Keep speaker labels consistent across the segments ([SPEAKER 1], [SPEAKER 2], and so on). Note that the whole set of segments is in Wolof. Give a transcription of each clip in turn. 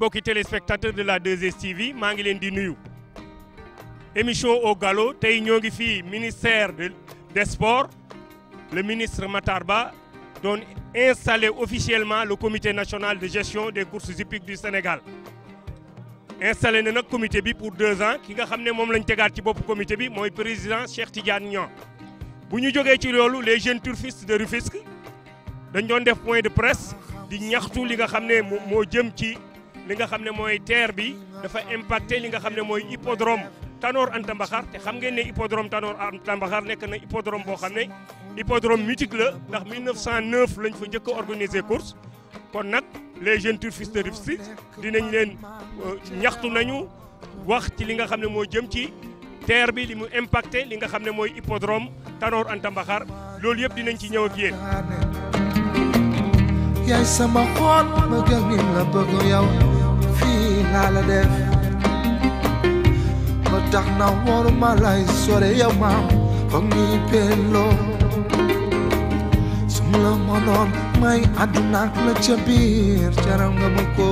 [SPEAKER 1] mbokki téléspectateur de la 2STV maa ngi leen di nuyu émission au galop tey ñoo ngi fii ministère de des sports le ministre Matar Ba doon installé officiellement le comité national de gestion des courses hippiques du Sénégal installé na nag comité bi pour deux ans ki nga xam ne moom lañ tegaat ci boppu comité bi mooy président Cheikh Tidiane Niang bu ñu jógee ci loolu les jeunes turfistes de Rufisque dañ doon def point de presse di ñaxtu li nga xam ne moo jëm ci li nga xam ne mooy terre bi dafa impacté li nga xam ne mooy hippodrome Tanor Anta Mbaxar te xam ngeen ne hippodrome Tanor Anta Mbaxar nekk na hippodrome boo xam ne hippodrome mythique la ndax 1909 lañ fa njëkk a organiser course kon nag les jeunes turfistes de Rufisque dinañ leen euh, ñaxtu nañu wax ci li nga xam ne moo jëm ci terre bi li mu impacté li nga xam ne mooy hippodrome Tanor Anta Mbaxar loolu yëpp dinañ ci ñëw ak yéen.
[SPEAKER 2] nii laa la def ba tax na waruma lay sore yow maam foog nii pelloo su ma la mënoon may àdduna ak la ca biir jaral nga ma ko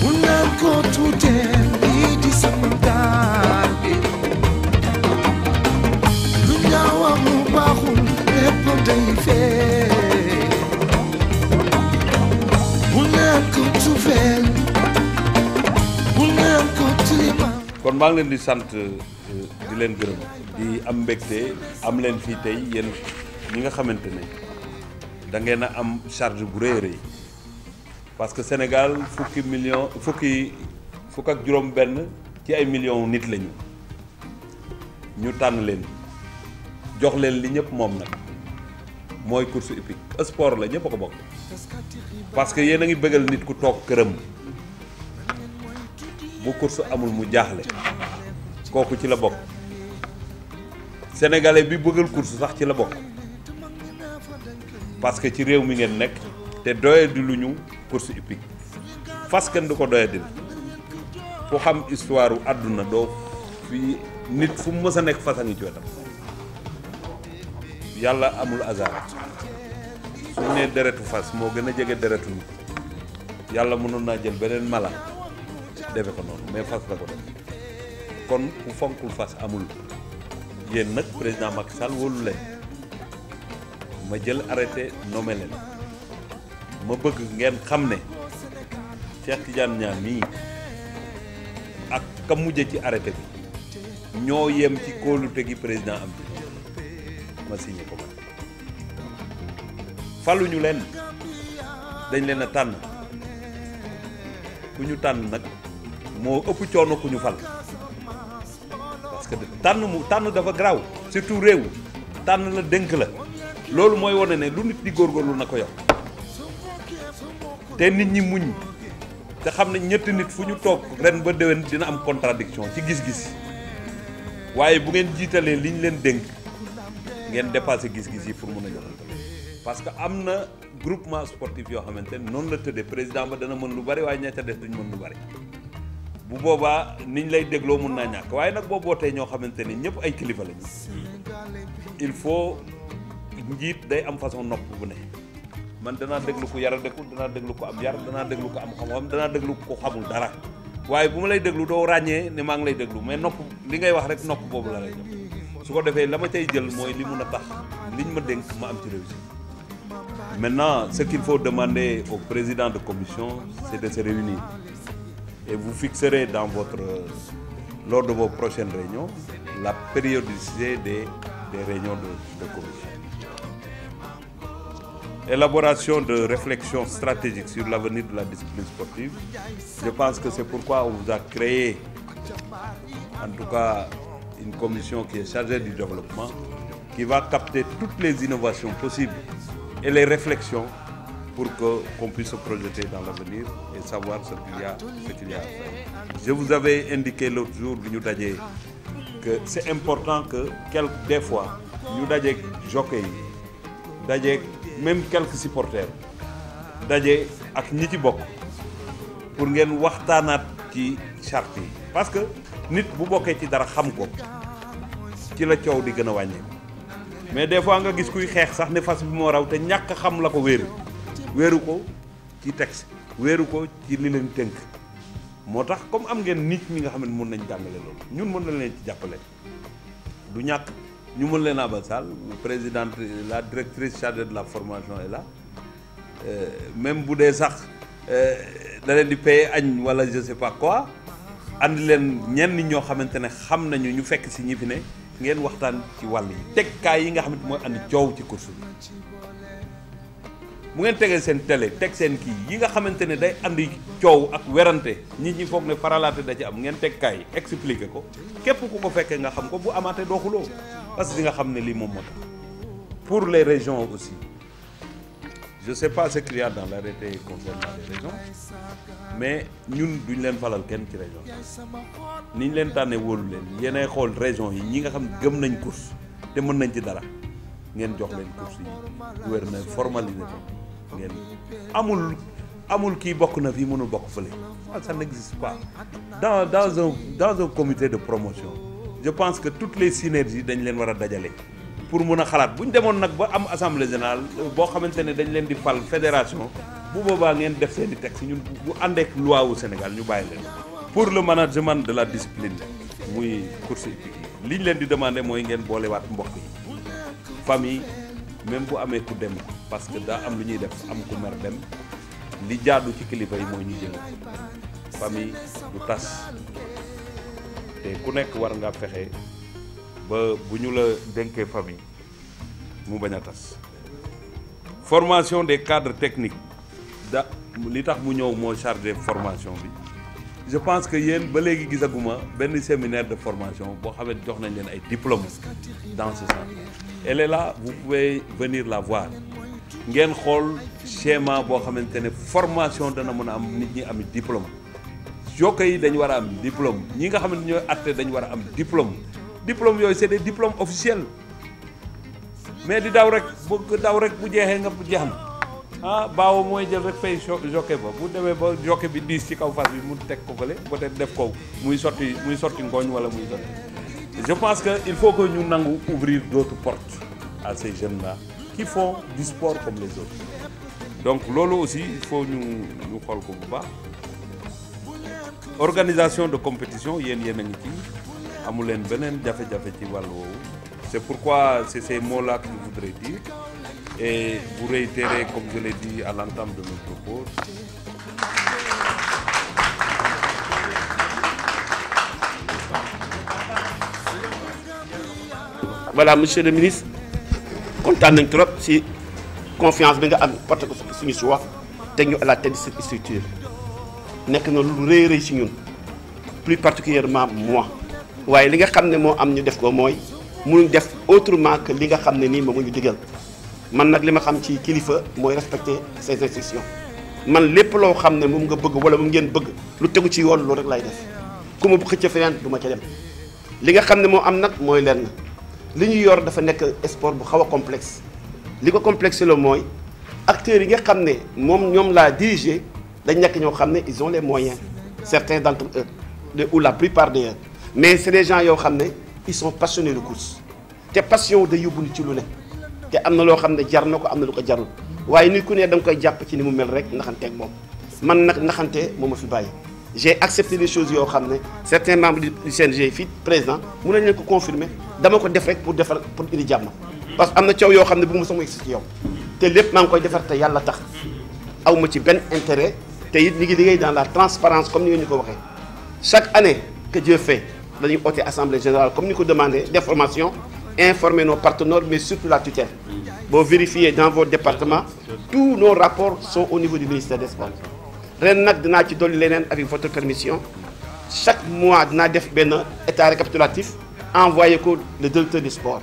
[SPEAKER 2] bu naan ko tuutee lii di sama gaal bi lu ñaaw ak lu baaxul lépp day feeñ
[SPEAKER 3] kon maa ngi leen di sant euh, di leen gërëm di am mbégte am leen fii tey yéen ñi nga xamante ne dangeen a am charge bu rëy rëy parce que Sénégal fukki million fukki fukk ak juróom-benn ci ay million nit lañu ñu tànn leen jox leen li ñëpp moom nag mooy course hippique sport la ñëpp a ko bokk. parce que yéen a ngi bëggal nit ku toog këram bu course amul mu jaaxle kooku ci la bokk sénégalais bi bëggal course sax ci la bokk parce que ci réew mi ngeen nekk te doyadi lu ñu course hippique fas kenn du ko doyadil ku xam histoire àdduna doo fii nit fu mu a nekk fas a ngi ci wetam yàlla amul hasard suñ nee deretu fas moo gën a jege deretu nit yàlla mënoon naa jël beneen mala defe ko noonu mais fas la ko def kon ku fonkul fas amul yéen nag président Macky Sall wóolu leen ma jël arrêté nommé leen ma bëgg ngeen xam ne Cheikh Tidiane Niang mii ak a mujje ci arrêté bi ñoo yem ci kóolute gi président am ci ma signé ko faluñu leen dañ leen a tànn ku ñu tànn nag moo ëpp coono ku ñu fal parce que tànn mu tànn dafa garaaw surtout réew tànn la dénk la loolu mooy wane ne lu nit di góorgóorlu na ko yor te nit ñi muñ te xam ne ñetti nit fu ñu toog ren ba déwén dina am contradiction ci gis-gis waaye bu ngeen jiitalee liñ leen dénk ngeen dépassé gis-gis yi pour mun a parce que am na groupement sportif yoo xamante ne noonu la tëddee président ba dana mën lu bari waaye ña ca des duñ mën lu bari bu boobaa niñ lay dégloo mun naa ñàkk waaye nag boo bootee ñoo xamante ni ñëpp ay kilifa lañ il faut njiit day am façon nopp bu ne man danaa déglu ko yara dëkku danaa déglu ko am yar danaa déglu ko am xam-xam danaa déglu ko xamul dara waaye bu ma lay déglu doo ràññee ne maa ngi lay déglu mais nopp li ngay wax rek nopp boobu la lay jox su ko defee la ma cay jël mooy li mun a tax liñ ma dénk ma am ci réussite Maintenant, ce qu'il faut demander au président de commission, c'est de se réunir. Et vous fixerez dans votre, lors de vos prochaines réunions la périodicité des, des réunions de, de commission. Élaboration de réflexions stratégiques sur l'avenir de la discipline sportive. Je pense que c'est pourquoi on vous a créé, en tout cas, une commission qui est chargée du développement, qui va capter toutes les innovations possibles et les réflexions pour que qu'on puisse se projeter dans l'avenir et savoir ce qu'il y a faire. Je vous avais indiqué l'autre jour bi ñu dajee que c'est important que quelque des fois ñu dajeeg jockey yi dajeeg même quelques supporters daje ak ñi ci bokk pour ngeen waxtaanaat ci chart yi parce que nit bu bokkee ci dara xam ko ci la coow di gën a wàññeeku. mais des fois nga gis kuy xeex sax ne fas bi moo raw te ñàkk xam la ko wéeru wéeru ko ci texte wéeru ko ci li leen tënk moo tax comme am ngeen nit ñi nga xam ne mën nañ jàngale loolu ñun mën nañ leen ci jàppale du ñàkk ñu mën leen abal sall présidente la directrice chargée de la formation est là euh, même bu dee sax euh, da leen di paye añ wala je sais pas quoi andi leen ñenn ñoo xamante ne xam nañu ñu fekk si ñi fi ne ngeen waxtaan ci wàll yi tegkaay yi nga xam ne mooy andi coow ci course bi bu ngeen tegee seen télé teg seen kii yi nga xamante ne day andi coow ak werante nit ñi foog ne faralaate da ci am ngeen tegkaay expliqué ko képp ku ko fekkee nga xam ko bu amaatee doo xuloo parce que di nga xam ne lii moom moo tax pour les régions aussi je sais pas ce dans la a dans l'arrêté concernant les mais ñun duñ leen falal kenn ci région ni ñu leen tànnee woolu leen yeneen xool région yi ñi nga xam gëm nañ course te mën nañ ci dara ngeen jox leen course yi gouverneur formalisé ngeen amul amul kii bokk na fii mënul bokk fële ah, ça n'existe pas dans dans un dans un comité de promotion je pense que toutes les synergies dañ leen war a dajale pour mun a xalaat bu ñu demoon nag ba am assemblée générale boo xamante ne dañ leen di fal fédération bu boobaa ngeen def seen teg texte ñun bu ànd ak wu Sénégal ñu bàyyi leen pour le management de la discipline muy course hippique yi li ñu leen di demandé mooy ngeen boolewaat mbokk yi famille même bu amee ku dem parce que daa am lu ñuy def am ku mer dem li jaadu ci kilifa yi mooy ñu jël famille du tas te ku nekk war nga fexe. ba bu ñu la dénkee famille mu bañ a tas formation des cadres techniques da li tax mu ñëw moo chargé formation bi je pense que yéen ba léegi gisaguma benn séminaire de formation boo xam jox nañ leen ay diplômes dans ce sens elle est là venir la voir ngeen xool schéma boo xamante ne formation dana mën a am nit ñi am diplôme jokko yi dañ war a am diplôme ñi nga xam ne ñooy atte dañ war a am diplôme diplôme yooyu c'est des diplômes officiels mais di daw rek bu daw rek bu jeexee nga jeex na ah baaw mooy jël rek fay jockey ba bu demee ba jockey bi diis ci kaw fas bi mu teg ko fële peut-être def ko muy sotti muy sotti ngooñ wala muy sotti je pense que il faut que ñu nangu ouvrir d'autres portes à ces jeunes là qui font du sport comme les autres donc loolu aussi il ñu xool ko bu baax organisation de compétition yéen yéen a ngi ci amu leen beneen jafe-jafe ci wàll woowu c'est pourquoi c'est ces mots-là que je voudrais dire et vous réitérer comme je l'ai dit à l'entame de mes propos
[SPEAKER 4] voilà monsieur le ministre kontaan nañ trop si confiance danga nga am porté ko suñu choix teg ñu à la tête de cette nekk na lu rëy rëy si ñun plus particulièrement moi waaye li nga xam ne moo am ñu def ko mooy mënuñ def autrement que li nga xam ne nii moom ñu digal man nag li ma xam ci kilifa mooy respecter ses instructions man lépp loo xam ne moom nga bëgg wala moom ngeen bëgg lu tegu ci yoon loolu rek lay def ku ma xëcc feneen du ma ca dem li nga xam ne moo am nag mooy lenn li ñu yor dafa nekk sport bu xaw a complexe li ko complexe la mooy acteurs yi nga xam ne moom ñoom laa diriger dañ nekk ñoo xam ne ils ont les moyens certains d'entre eux ou la plupart d'entre eux mais c'est des gens yoo xam ne ils sont passionnés de course te passion da yóbbu nit ci lu ne te am na loo xam ne jar na ko am na lu ko jarul waaye nit ku nee da nga koy jàpp ci ni mu mel rek naxanteeg moom man nag naxante moo ma fi bàyyi. j'ai accepté les choses yoo xam ne certains membres du CNG fii président mun nañ leen ko confirmer dama ko def rek pour defar pour indi jàmm parce que am na coow yoo xam ne bëgguma sama egsi ci yow te lépp maa ngi koy defar yàlla tax aw ma ci benn intérêt te it ñu ngi liggéey dans la transparence comme ni nga ko waxee chaque année que dañuy oote assemblée générale comme ni ko demandé d'information informer nos partenaires mais surtout la tutelle boo vérifier dans vos départements tous nos rapports sont au niveau du ministère des sports ren nag dinaa ci dolli leneen avec votre permission chaque mois dinaa def benn état récapitulatif envoyé ko le directeur du sport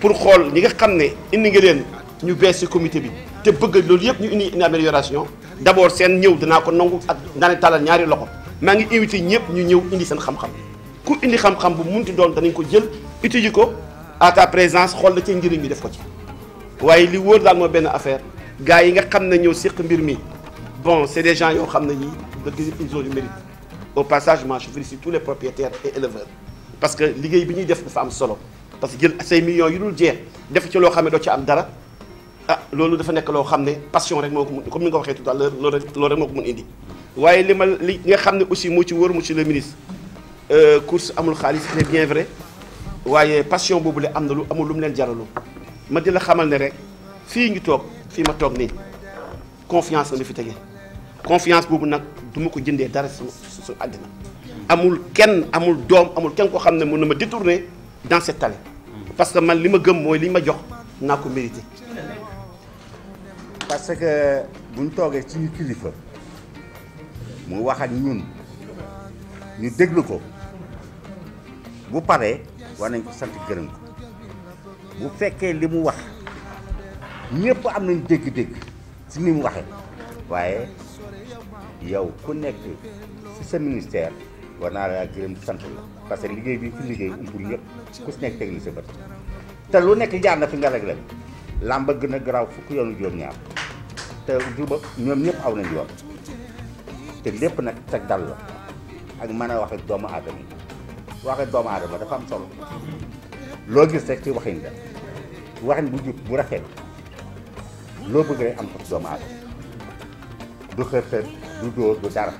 [SPEAKER 4] pour xool ñi nga xam ne indi nga leen ñu bees ci comité bi te bëgg loolu yëpp ñu indi une amélioration d' seen ñëw dinaa ko nangu ak daane tàllal ñaari loxo maa ngi invité ñëpp ñu ñëw indi seen xam ku indi xam-xam bu munti doon danañ ko jël étudier ko à ta présence xool na ci njëriñ bi def ko ci waaye li wóor daal mooy benn affaire gars yi nga xam ne ñëw séq mbir mi bon c'est des gens yoo xam ne yii dëgg ils ont du mérite au passage moi je félicite tous les propriétaires et éleveurs parce que liggéey bi ñuy def dafa am solo parce que jël say millions yu dul jeex def ci loo xam ne doo ci am dara ah loolu dafa nekk loo xam ne passion rek moo ko mun comme ni ne aussi moo ci wóor monsieur le ministre Euh, course amul xaalis waaye passion boobu la am na lu amul lu mu leen jaraloo ma di la xamal ne rek fii ngi toog fii ma toog nii confiance la fi tege confiance boobu nag du ma ko jëndee dara su su àddina amul kenn amul doom amul kenn koo xam ne mën na ma détourner dans cette allée parce que man li ma gëm mooy li ma jox naa ko mérité. parce que buñ toogee ci kilifa mu wax ak ñun ñu déglu ko. bu paree war nañ ko sant gërëm ko bu fekkee li mu wax ñëpp am nañ dégg-dégg si ni mu waxee waaye yow ku nekk si sa ministère war naa laa gërëm sant la parce que liggéey bi fi liggéey umpul ñëpp ku si nekk technique sa bët te lu nekk jaar na fi nga réglé làmba gën a garaaw fukk yoonu juróom-ñaar te juba ñoom ñëpp aw nañ yoon te lépp nag teg la ak mën a wax doomu aadama yi waxee doomu aadama dafa am solo loo gis rek ci waxin la waxin bu jub bu rafet loo bëgg am ko ci doomu aadama du xër xër du dóor du dara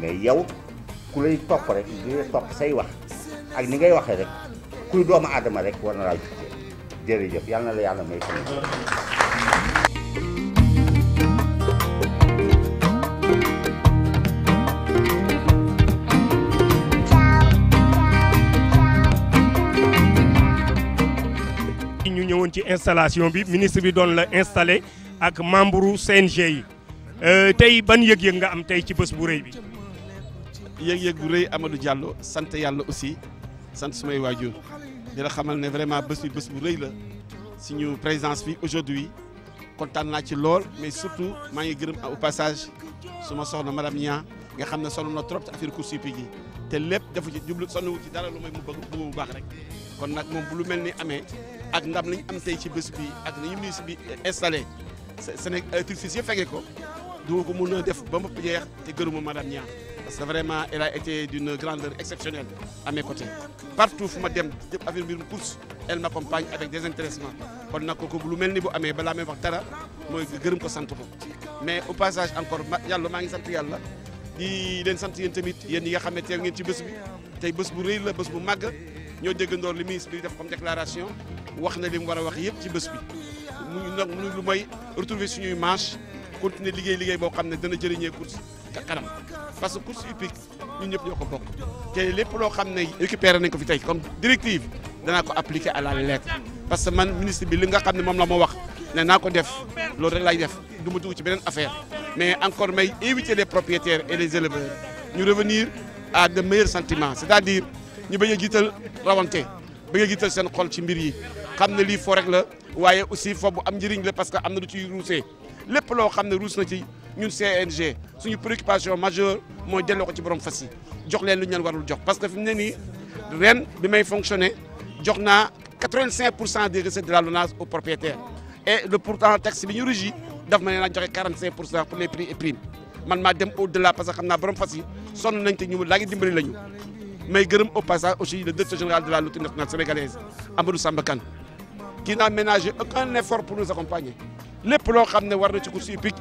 [SPEAKER 4] mais yow ku lay topp rek di topp say wax ak ni ngay waxee rek kuy doomu adama rekk war na laa jukkee jërëjëf yàlla na la yàlla may ko
[SPEAKER 1] ci installation bi ministre bi doon la installé ak membre CNG yi euh,
[SPEAKER 4] tey ban yëg-yëg nga am tey ci bés bu réy bi. yëg-yëg bu rëy Amadou Diallo sant yàlla aussi sant sumay waajur di xamal ne vraiment bés bi bés bu réy la suñu présence bi aujourd'hui kontaan naa ci lool mais surtout maa ngi gërëm aw passage suma soxna madame ñaa nga xam ne sonn na trop ci affaire course hippique yi te lépp dafa ci jublu sonn wu ci dara lu may mu bëgg mu baax rek kon ak ndam lañ am tey ci bés bi ak nañu ministre bi installé Séné euh, turfis yëpp fekkee ko du ko mën a def ba mu jeex te gërëma madame Niang parce que vraiment elle a été d'une grandeur exceptionnelle à mes côtés partout fu ma dem jëpp affaire mbirum course elle m'accompagne avec désintéressement kon nag ko lu mel ni bu amee balaa may wax dara mooy gërëm ko sant ko mais au passage encore yàlla maa ngi sant yàlla di leen sant yéen tamit yéen ñi nga xam ne teew ngeen ci bés bi tey bés bu rëy la bés bu màgg ñoo déggandoor li ministre bi def comme déclaration wax na li war a wax yëpp ci bés bi mu nag mu lu may retrouver suñuy manche continuer liggéey liggéey boo xam ne dana jëriñee course ca kanam parce que course hippique ñun ñëpp ñoo ko bokk te lépp loo xam ne récupéré nañ ko fi tey comme directive danaa ko appliquer à la lettre parce que man ministre bi li nga xam ne moom la moo wax ne naa ko def loolu rek lay def du ma ci beneen affaire mais encore may éviter les propriétaires et les éleveurs ñu revenir à de meilleurs sentiments c'est-à-dire ñu bañ a jiital rawante bañ a jiital seen xol ci mbir yi xam ne lii fo rek la waaye aussi fo am njëriñ la parce que am na lu ciy ruusee lépp loo xam ne ruus na ci ñun CNG suñu préoccupation majeure mooy delloo ko ci borom fas yi le leen lu ñu leen warul jox parce que fi mu ne nii ren bi may fonctionner jox naa pour cent des recettes de la LONASE au propriétaire et le pourtant taxe bi ñu régi daf ma ne naa joxe 45 pour cent pour les prix et dem au delà parce que xam naa borom fas yi sonn nañ te ñu laa ngi dimbali la ñu may gërëm au passage aussi qui n'a ménagé aucun effort pour nous accompagner lépp loo xam ne war na ci course hippique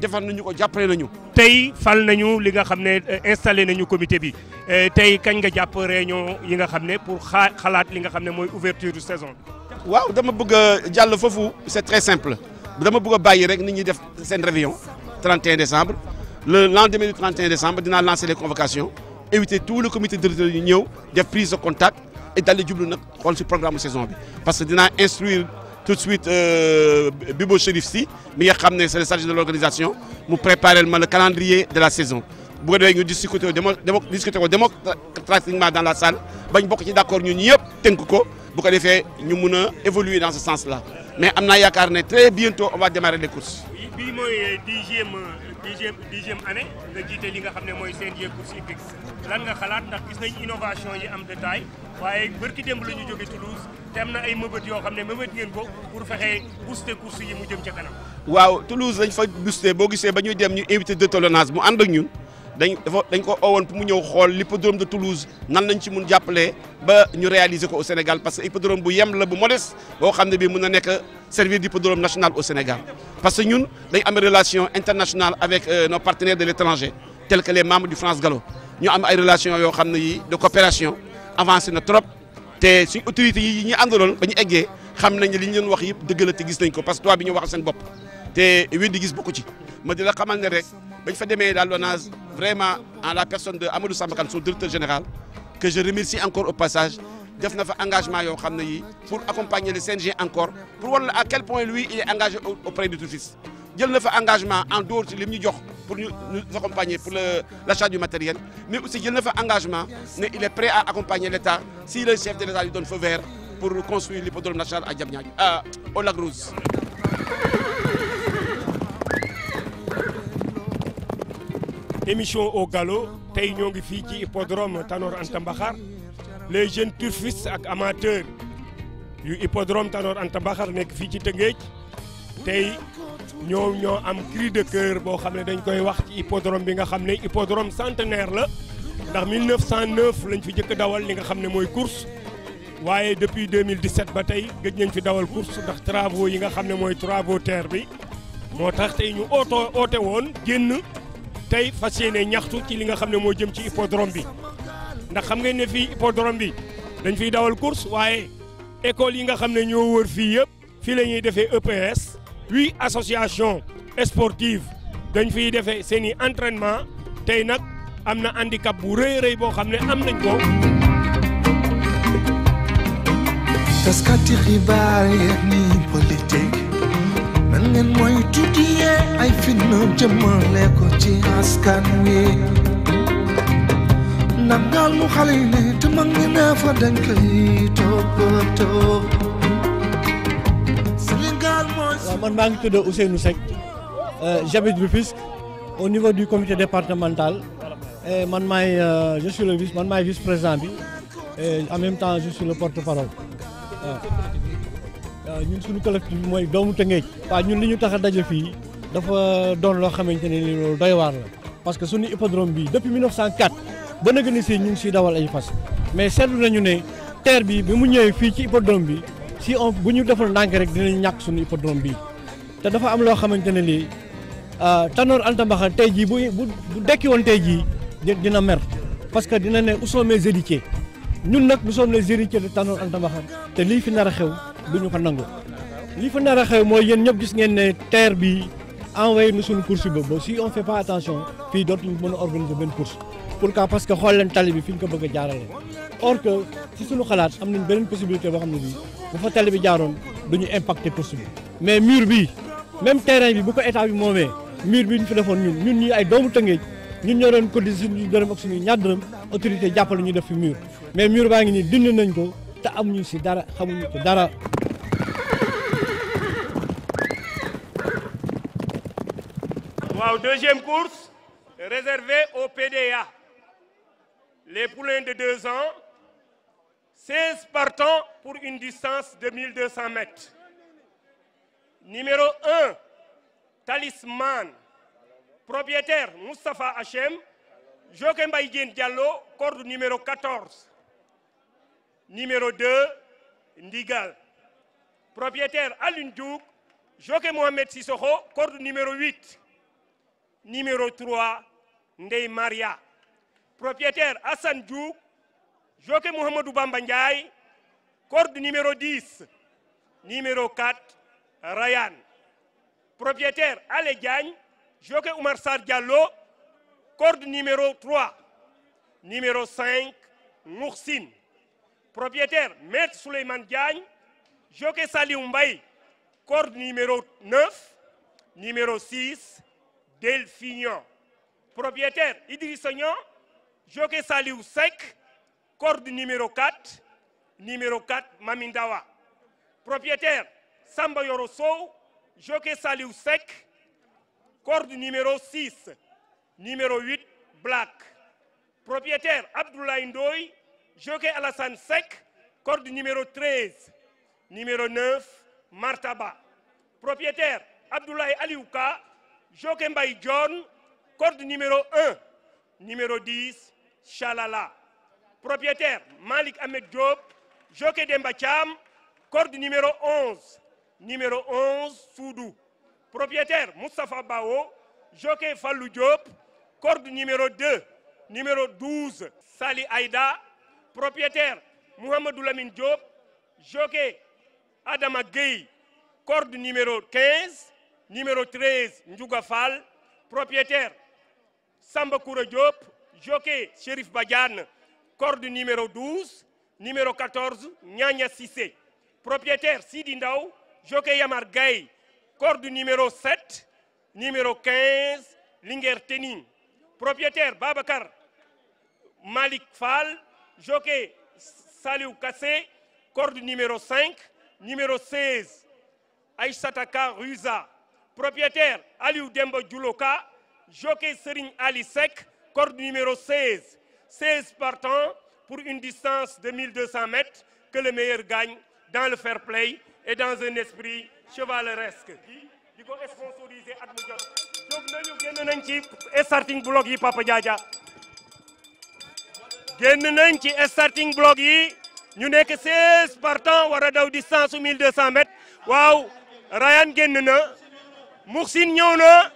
[SPEAKER 4] defal nañu ko
[SPEAKER 1] jàppale nañu. tey fal nañu li nga xam ne euh, installé nañu comité bi euh, tey kañ nga jàpp réunion yi nga xam ne pour xaa xalaat li nga ne mooy ouverture du saison.
[SPEAKER 4] waaw dama bëgg a jàll foofu c'est très simple dama bëgg a bàyyi rek ni ñi def seen réveillon 31 décembre le lendemain du 31 décembre dinaa lancer les convocations éviter tout le comité directeur yu ñëw def prise de contact. dal di jublu nag xool si programme saison bi parce que dinaa instruire tout de suite euh, Bibo Chérif si mi nga xam ne c'est le chargé de l'organisation mu préparer ma le calendrier de la saison bu ko defee ñu discuter démo ko démocratiquement dans la salle bañ bokk ci d'accord ñun ñëpp tënk ko bu ko defee ñu évoluer dans ce sens là mais am naa yaakaar ne très bientôt on va démarrer les courses.
[SPEAKER 1] bii euh, euh, dixième dixième année nga jiite li nga xam ne mooy CNG course hippique lan nga xalaat ndax gis nañ innovation yi am de taille waaye bërki démb la ñu jóge Toulouse te na ay mëbët yoo xam ne mëbët ngeen ko pour fexe booster course yi mu jëm ca kanam.
[SPEAKER 4] waaw Toulouse dañ fa booster boo gisee ba ñuy dem ñu invité de tolérance mu ànd ak ñun dañ dafa dañ ko oowoon pour mu ñëw xool l'hippodrome de Toulouse nan lañ ci mun jàppale ba ñu réaliser ko au Sénégal que hippodrome bu yem la bu modeste boo xam ne bii mun na nekk. servir d'hippodrome national au Sénégal parce que ñun dañ am relation international avec euh, nos partenaires de l'étranger tels que les membres du France Gallo ñu am ay relation yoo xam ne yi de coopération avancé na trop te suñ autorités yi ñu àndaloon ba ñu eggee xam na ne li ñu loon wax yëpp dëgg la te gis nañ ko parce que tubaab bi ñu waxal seen bopp te weddi gis bokku ci ma di la xamal ne rek bañ fa demee daal l'ONAS vraiment en la personne de Amadou Samba Kane son directeur général passage def na fa engagement yoo xam ne yi pour accompagner le CNG encore pour wan la à quel point lui il est engagé auprès du TOOFIS jël na fa engagement en dehors ci li mu jox pour ñu nous accompagner le l'achat du matériel mais aussi jël na fa engagement ne il est prêt a accompagner l'État si le chef de l'État lui donne feu pour construire l'hippodrome national à Diamniadio à euh, au Lac Rose
[SPEAKER 1] émission ñoo ngi fii ci hippodrome Tanor Anta les jeunes turfistes ak amateurs yu hippodrome Tanor Anta Baxar nekk fii ci Tëngéej tey ñoo ñoo am cri de cœur boo xam ne dañ koy wax ci hippodrome bi nga xam ne hippodrome centenaire la ndax 1909 lañ fi jëkk dawal li nga xam ne mooy course waaye depuis 2017 ba tey gëj nañ fi dawal course ndax travaux yi nga xam ne mooy travaux terre bi moo tax tey ñu ooto oote woon génn tey fas yéene ñaxtu ci li nga xam ne moo jëm ci hippodrome bi ndax xam ngeen ne fii hippodrome bi dañ fiy dawal course waaye école yi nga xam ne ñoo wër fii yëpp fii lañuy ñuy defee EPS huit association sportive dañ fiy defe seen i entraînement tey nag am na handicap bu rëy rëy boo xam ne am nañ ko.
[SPEAKER 2] taskati nan ngeen mooy tuddiyee ay fitna jëmale ko ci askan wi. nan daal mu xale yi ne te mag ñi ne fa dañ koy toppatoo. Sénégal mooy. waaw man maa ngi tudd Ousseynou Seck euh, j'habite Rufisque au niveau du comité départemental man maay euh, je suis le man maay vice président bi et en temps je suis le porte-parole waaw. Euh, ñun suñu collectif bi mooy doomu Tëngéej. waaw ñun li ñu tax daje fii dafa doon loo xamante ne ni loolu doy waar la parce que suñu hippodrome bi depuis 1904. ba nag ni si ñu ngi siy dawal ay fas mais seetlu nañu ne terre bi bi mu ñëwee fii ci hippodrome bi si on bu ñu deful ndànk rek dinañ ñàkk suñu hippodrome bi te dafa am loo xamante ne lii ah, Tanor Anta Mbaxane tey jii bu bu dekki woon tey jii dina mer parce que dina ne où sont mes héritiers ñun nag nous sommes les héritiers de Tanor Anta Mbaxane te lii fi nar a xew du ñu ko nangu lii fi nar a xew mooy yéen ñëpp gis ngeen ne terre bi envoyé na suñu course ba ba si on fait pas attention fii dootuñu mën a organiser benn pourquoi parce que xool leen tali bi fi ñu bëgg a jaarale or que ci suñu xalaat am nañ beneen possibilité boo xam ne bii bu fa tali bi jaaroon duñu impacté course bi mais mur bi même terrain bi bu ko état bi moomee mur bi ñu fi defoon ñun ñun ñi ay doomu Tëngéej ñun ñoo doon cotiser suñu dërëm ak suñu ñaar dërëm autorité jàppale ñu def fi mur mais mur baa ngi nii dindi nañ ko te ñu si dara xamuñu ko dara
[SPEAKER 1] waaw deuxième les poulains de deux ans, 16 partants pour une distance de 1200 mètres. Numéro 1, Talisman, propriétaire Moustapha Hachem, Joaquin Baïdien Diallo, corde numéro 14. Numéro 2, Ndigal, propriétaire Alun Diouk, Joaquin Mohamed Sissoko, corde numéro 8. Numéro Ndey Maria. propriétaire Assane Diouk jockey Mouhamadou Bamba Ndiaye corde numéro 10 numéro 4 Rayane propriétaire Ale Diagne jockey Oumar Sarr Diallo corde numéro 3 numéro 5 Moursine propriétaire maître Souleymane Diagne jockey Saliou Mbaye corde numéro 9 numéro 6 Delphinion propriétaire Idrissa Joké Saliou Seck corde numéro 4 numéro 4 Mamindawa propriétaire Samba Yoro Sow Joké Saliou numéro 6 numéro 8 Black propriétaire Abdoulaye Ndoye Joké Alassane Seck corde numéro numéro 9 Martaba propriétaire Abdoulaye Aliouka Joké Mbaye John numéro 1 numéro Chalala. Propriétaire Malik Ahmed Diop, jockey Demba Cham, numéro 11, numéro 11 Soudou. Propriétaire Moustapha Bao, jockey Fallou Diop, corde numéro 2, numéro 12 Sali Aïda. Propriétaire Mohamedou Lamine Diop, jockey Adama Gueye, corde numéro numéro 13 Ndiouga Fall. Propriétaire Samba Koura Diop. jockey Chérif Badiane corde numéro 12 numéro 14 Ñaña Cissé propriétaire Sidi Ndaw jockey Yamar numéro 7 numéro 15 Linguère Tening propriétaire Babacar Malik Fall jockey Saliou Kassé corde numéro 5 numéro 16 Ruza propriétaire Aliou Demba Djouloka jockey Serigne Ali Seck corde numéro 16 16 partants pour une distance de 1200 mètres que le meilleur gagne dans le fair play et dans un esprit chevaleresque di ko sponsorisé at mu jot jóg nañu génn nañ ci starting block yi Papa Diadia génn nañ ci starting block yi ñu nekk 16 partants war a daw distance su 1200 mètres waaw Ryan génn na Moussine ñëw na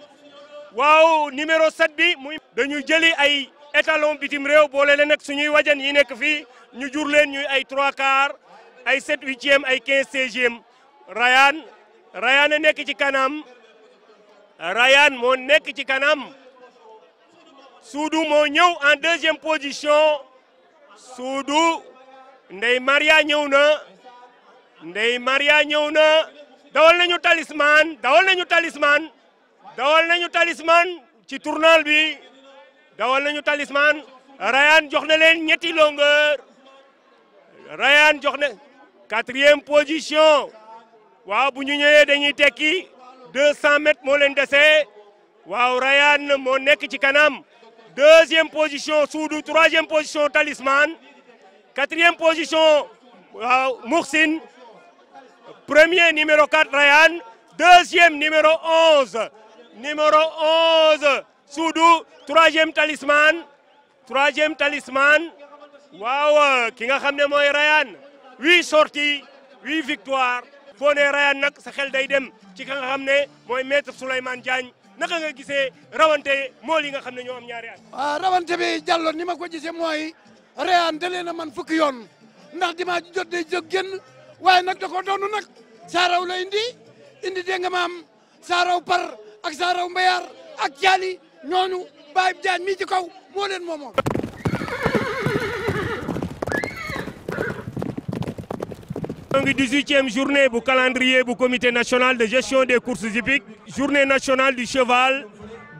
[SPEAKER 1] waaw numéro 7 bi muy. dañu jëli ay étalon bitim réew boole leen ak suñuy wajan yi nekk fii ñu jur leen ñuy ay trois quart ay 7 huitième ay 15 seizième Rayane Rayane a nekk ci kanam Rayane moo nekk ci kanam Soudou moo ñëw en deuxième position Soudou Ndey Maria ñëw na Ndey Maria ñëw na dawal nañu talisman dawal ñu talisman. dawal nañu talisman ci tournal bi dawal nañu talisman Rayane jox na leen ñetti longueur Rayane jox na quatrième position waaw bu ñu ñëwee dañuy tekki 200 mètres moo leen dese waaw Rayane moo nekk ci kanam deuxième position Soudou troisième position talisman quatrième position waaw Mouxine premier numéro 4 Rayane deuxième numéro 11. numéro 11 Soudou troisième talisman troisième talisman waaw ki nga xam ne mooy Rayane huit sorties huit victoires boo nee Rayane sa xel day dem ci ka nga xam ne mooy maître Souleymane Diagne naka nga gisee rawante mool nga xam ne ñoo am ñaari at. waaw ah, rawante bi Diallo ni ma ko gisee mooy Rayane dalee na man
[SPEAKER 4] fukki yoon ndax dimaa jot day jóg génn waaye nag da saaraw la indi indi dégg nga maam saaraw par. ak saaraw mbayaar ak jaali ñooñu Baye ci kaw moo leen moomoon
[SPEAKER 1] ñoo ngi journée bu calendrier bu comité national de gestion des courses hippiques journée nationale du cheval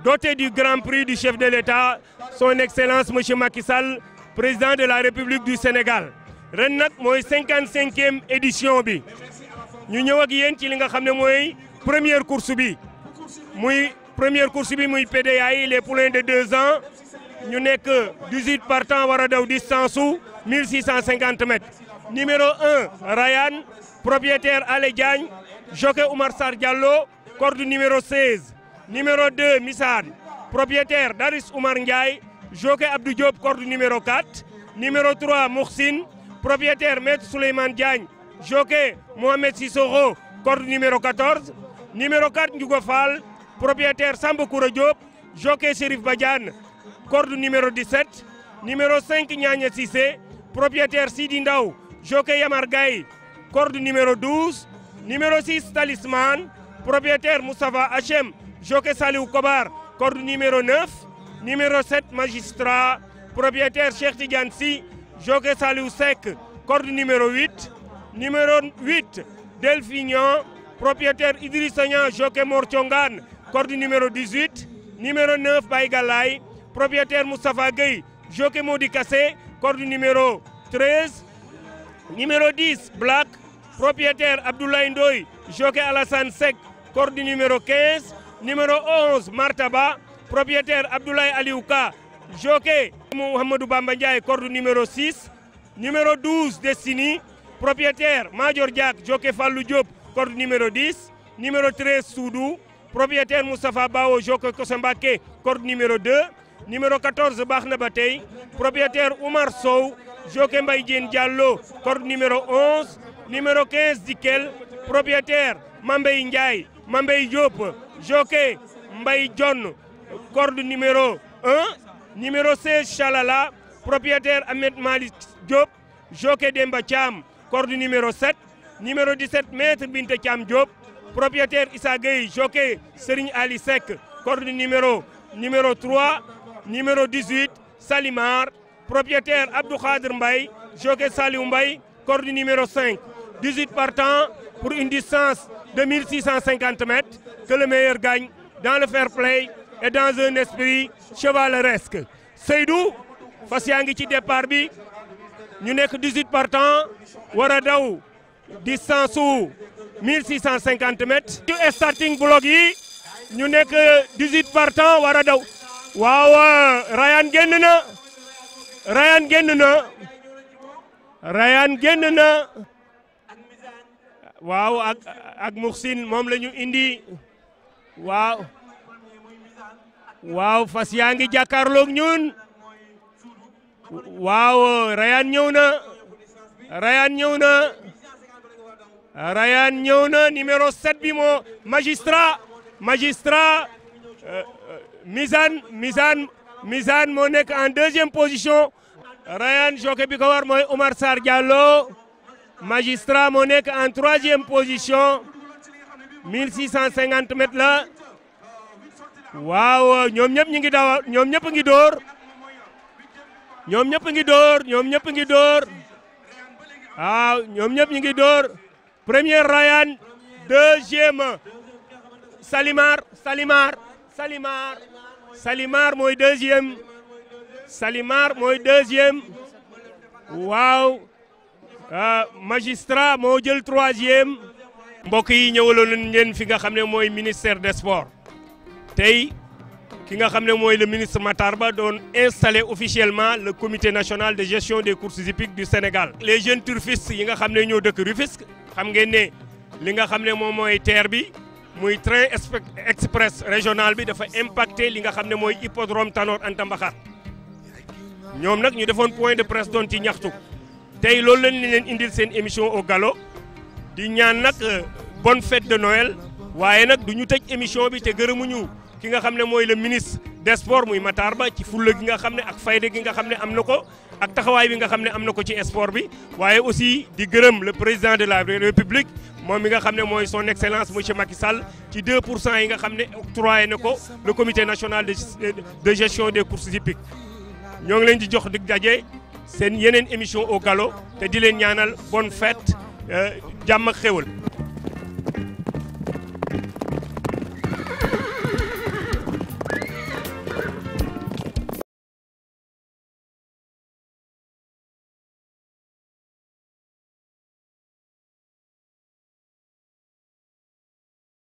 [SPEAKER 1] dotée du grand prix du chef de l'État son excellence monsieur Macky Sall président de la République du Sénégal ren nag mooy cinquante e édition bi ñu ñëw ak yéen ci li nga xam ne mooy première course bi muy première course bi muy PDA yi les poulains de deux ans ñu nekk 18 partants war a daw distance su 1650 mètres numéro 1 Rayan propriétaire Ale Diagne jockey Oumar Sarr Diallo corde numéro numéro 2 Missane propriétaire Daris Oumar Ndiaye jockey Abdou corde numéro 4 numéro 3 Mouhsin propriétaire maître Souleymane Diagne jockey Mohamed Sissoko corde numéro 14 numéro 4 propriétaire Samba Koura Diop jockey Chérif Badiane corde numéro 17 numéro 5 Ñaña Cissé Sidi Ndaw jockey Yamar Gaye corde numéro 12 numéro 6 Talisman propriétaire Moustapha Hachem jockey Saliou Kobar corde numéro 9 numéro 7 Magistrat propriétaire Cheikh Tidiane Sy jockey Saliou Seck numéro 8 numéro 8 Delphignon propriétaire Idrissa Niang jockey corde numéro 18 numéro 9 Baye Galaye propriétaire Moustapha Gueye jockey Modi Kassé corde numéro numéro 10 Black propriétaire Abdoulaye Ndoye jockey Alassane Seck numéro 15 numéro 11 Martaba propriétaire Abdoulaye Aliouka jockey Mouhamadou Bamba Ndiaye numéro numéro 12 Destiny Major Diak jockey Fallou Diop corde numéro numéro 13 propriétaire Moustapha Bao Joko Kosembake corde numéro 2 numéro baax na ba tey propriétaire Oumar Sow Joké Mbaye Diène Diallo corde numéro 11 numéro 15 Dikel propriétaire Mambey Ndiaye Mambey Diop Joké Mbaye John corde numéro 1 numéro 16 Chalala propriétaire Ahmed Malick Diop Joké Demba Thiam corde numéro 7 numéro 17 Maître Binte Thiam Diop propriétaire Issa Gueye jockey Serigne Ali Seck corde numéro numéro 3 numéro 18 Salimar propriétaire Abdou Khadir Mbaye jockey mbay Mbaye corde numéro 5 18 partants pour une distance de 1650 mètres que le meilleur gagne dans le fair play et dans un esprit chevaleresque Seydou fas yaa ngi ci départ bi ñu nekk 18 partants war a daw distance su cent mètres. ci starting block yi ñu nekk 18 partants war a daw. waaw euh, Rayane génn na Rayane génn na Rayane génn na waaw ak ak moom lañu ñu indi waaw waaw fas yaa ngi jàkkaarloog ñun waaw Rayane ñëw na Rayane ñëw na. Rayane ñëw na numéro 7 bi moo magistrat magistrat euh, euh, Misaan Misaan Misaan moo nekk en deuxième position Rayane jockey bi ko war mooy Oumar Sarr Diallo magistrat nekk en troisième position 1650 mètres la waaw ñoom ñëpp ñu ngi daw ñoom ñëpp ngi dóor ñoom ñëpp ngi dóor ñoom ñëpp ngi dóor waaw ñoom ñëpp ñu ngi dóor premier Rayane deuxième Salimar Salimar Salimar Salimar mooy deuxième Salimar mooy deuxième waaw ah, magistrat moo jël troisième mbokk yi ñëwaloon ngeen fi nga xam ne mooy ministère des sports tey ki nga xam ne mooy le ministre Matar Ba doon installé officiellement le comité national de gestion des courses hippiques du Sénégal les jeunes turfistes yi nga xam ne ñoo dëkk Rufisque xam ngeen ne li nga xam ne moom mooy TER bi muy train express régional bi dafa impacté li nga xam ne mooy hippodrome Tanor Anta Mbaxar ñoom nag ñu defoon point de presse doon ci ñaxtu tey loolu lañ leen indil seen émission au galop di ñaan nag euh, bonne fête de Noël waaye nag du ñu tëj émission bi te gërëmuñu ki nga xam ne mooy le ministre des sports muy Matar Ba ci fulla gi nga xam ne ak fayda gi nga xam ne am na ko ak taxawaay bi nga xam ne am na ko ci sport bi waaye aussi di gërëm le président de la république moom mi nga xam ne mooy son excellence monsieur Macky Sall ci 2 pour cent yi nga xam ne octroyé na ko le comité national de gestion des courses hippiques ñoo ngi leen di jox dig daje seen yeneen émission o galop te di leen ñaanal bonne fête euh, jàmm ak xéwal